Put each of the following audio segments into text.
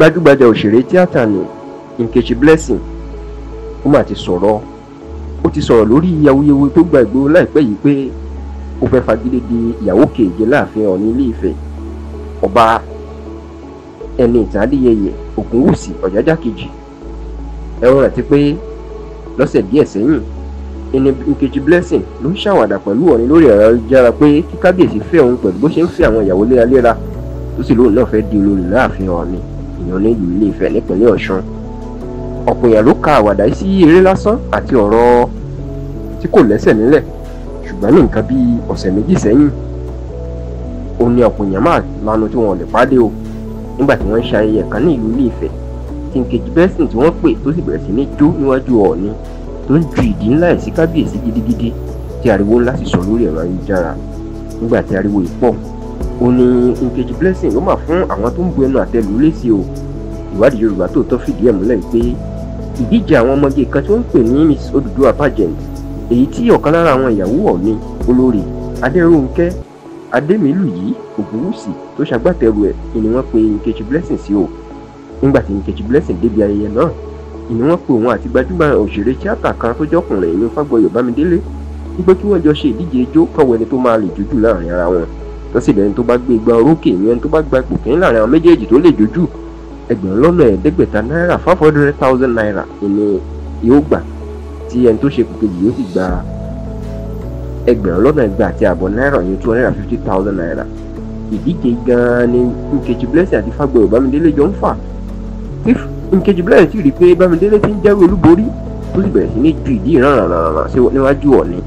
gbajúgbajà òṣèré tíátà ni Nkechi Blessing ó mà ti sọ̀rọ̀ ó ti sọ̀rọ̀ lórí awuyewuye tó gba ìgboro láìpẹ́ yìí pé ó fẹ́ fagídé di ìyàwó keje láàfin Ọọ̀ni Ilé Ifẹ̀ ọba ẹni ìtàn Adéyẹyẹ Ògúnwùsì Ọ̀jájá kejì ẹ̀rọ rẹ̀ ti pé lọ́sẹ̀ díẹ̀ sẹ́yìn ẹni Nkechi Blessing ló ń ṣàwàdà pẹ̀lú Ọọ̀ni lórí ẹ̀rọ ayélujára pé kí kábíyèsí fẹ́ òun pẹ̀lú bó ṣe ń fẹ́ àwọn ìyàwó léraléra tó sì lóun náà fẹ́ di olórí láàfin Ọọ̀ni èèyàn nílùú ilé Ifẹ̀ nípínlẹ̀ Ọ̀ṣun ọ̀pọ̀ èèyàn ló ka àwàdà sí eré lásán àti ọ̀rọ̀ tí kò lẹ́sẹ̀ nílẹ̀ ṣùgbọ́n ní nǹkan bíi ọ̀sẹ̀ méjì sẹ́yìn ó ní ọ̀pọ̀ èèyàn máa lanu tí wọn ò lè pàdé o nígbà tí wọ́n ń ṣe ayẹyẹ kan ní ìlú ilé Ifẹ̀ tí nkeji bẹ́sìn tí wọ́n pè tó sì bẹ̀rẹ̀ sí ní jó níwájú Ọọ̀ni tó ń ju ìdí ńlá ẹ̀ sí kábíyèsí gidigidi tí ariwo ńlá sì sọ lórí ẹ̀rọ ayélujára nígbà tí ariwo yìí pọ̀ òun ni blessing ló mà fún àwọn tó ń bu ẹnu àtẹ́lù lésì o ìwádìí yorùbá tòótọ́ fìdí ẹ̀ múlẹ̀ wípé ìdíje àwọn ọmọge kan tí wọ́n ń pè ní miss odùduwà pageant èyí tí ọ̀kan lára àwọn ìyàwó ọ̀ni olórí adẹ́rùnkẹ́ adémilùyí ògúnwùsì tó ṣagbátẹrù ẹ̀ ni wọ́n pe nkechi blessing sí o nígbà tí nkechi blessing débi ayẹyẹ náà ni wọ́n pe òun àti gbajúmọ̀ òṣèré tíátà kan tó jọkùnrin ìlú fágbọyọ̀ bámidélé wípé kí wọ́n jọ ṣe ìdíje ijó kọ̀wé ẹni tó máa lè jójú láàrin ara wọn tó sì lẹ́ni tó bá gbé igba orókè ni ẹni tó bá gba ipò kìíní láàrin àwọn méjèèjì tó lè jojú ẹgbẹ̀rún lọ́nà ẹ̀ẹ́dẹ́gbẹ̀ta náírà five hundred thousand naira ni yóò gbà tí ẹni tó ṣe ipò kejì yóò sì gba ẹgbẹ̀rún lọ́nà ẹgbẹ̀ àti àbọ̀ náírà yẹn two hundred and fifty thousand naira ìdíje gan-an ni Nkechi Blessing àti Fagbemi Bamidele jọ ń fà tí Nkechi Blessing sì rí i pé Bamidele ti ń jẹ́rú olúborí tó sì bẹ̀rẹ̀ sí ní ju ìdí ìran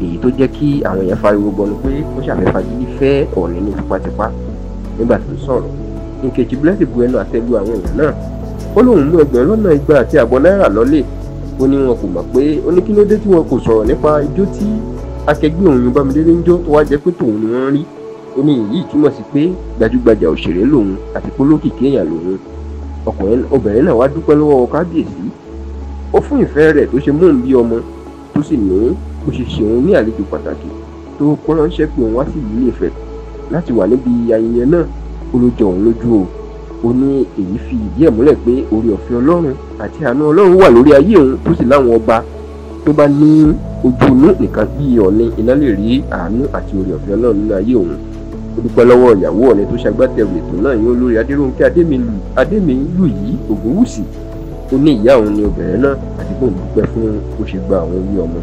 èyí tó jẹ́ kí àwọn èèyàn fariwo gbọnu pé ó ṣàfẹ́fà gidi fẹ́ ọ̀rẹ́ ní tipátipá nígbà tó ń sọ̀rọ̀ Nkechi Blessing bu ẹnu àtẹ́lu àwọn èèyàn náà ó lóun mú ẹgbẹ̀rún lọ́nà igba àti àbọ̀ náírà lọ́lẹ̀ ó ní wọn kò mọ̀ pé ó ní kí tí wọn kò sọ̀rọ̀ nípa ijó tí akẹgbẹ́ òun Bámidélé ń jó tó wá jẹ́ pé tòun ni wọ́n rí ó ní èyí túmọ̀ sí pé gbajúgbajà òṣèré lòun àti pólókìkí èèyàn lòun ọkùnrin obìnrin náà wá dúpẹ́ lọ́wọ́ kábíyèsí ó fún ìfẹ́ rẹ̀ tó ṣe mú un bí ọmọ ó sì ní mo ṣe ṣe òun ní àlejò pàtàkì tó kó ránṣẹ́ pé òun wá sí ìlú Ifẹ̀ láti wà níbi ayẹyẹ náà ó ló jọ òun lójú o ó ní èyí fi ìdí ẹ̀ múlẹ̀ pé orí ọ̀fẹ́ Ọlọ́run àti àánú Ọlọ́run wà lórí ayé òun tó sì láwọn ọba tó bá ní ojú inú nìkan bí ọ̀ni iná lè rí àánú àti orí ọ̀fẹ́ Ọlọ́run nínú ayé òun ó dúpẹ́ lọ́wọ́ ìyàwó ọ̀ni tó ṣagbátẹrù ètò náà yín olórí Adéròǹkẹ́ Adémilú yìí Ògúnwùsì ó ní ìyá òun ni obìnrin náà àti bóun dúpẹ́ fún bó ṣe gba àwọn orí ọmọ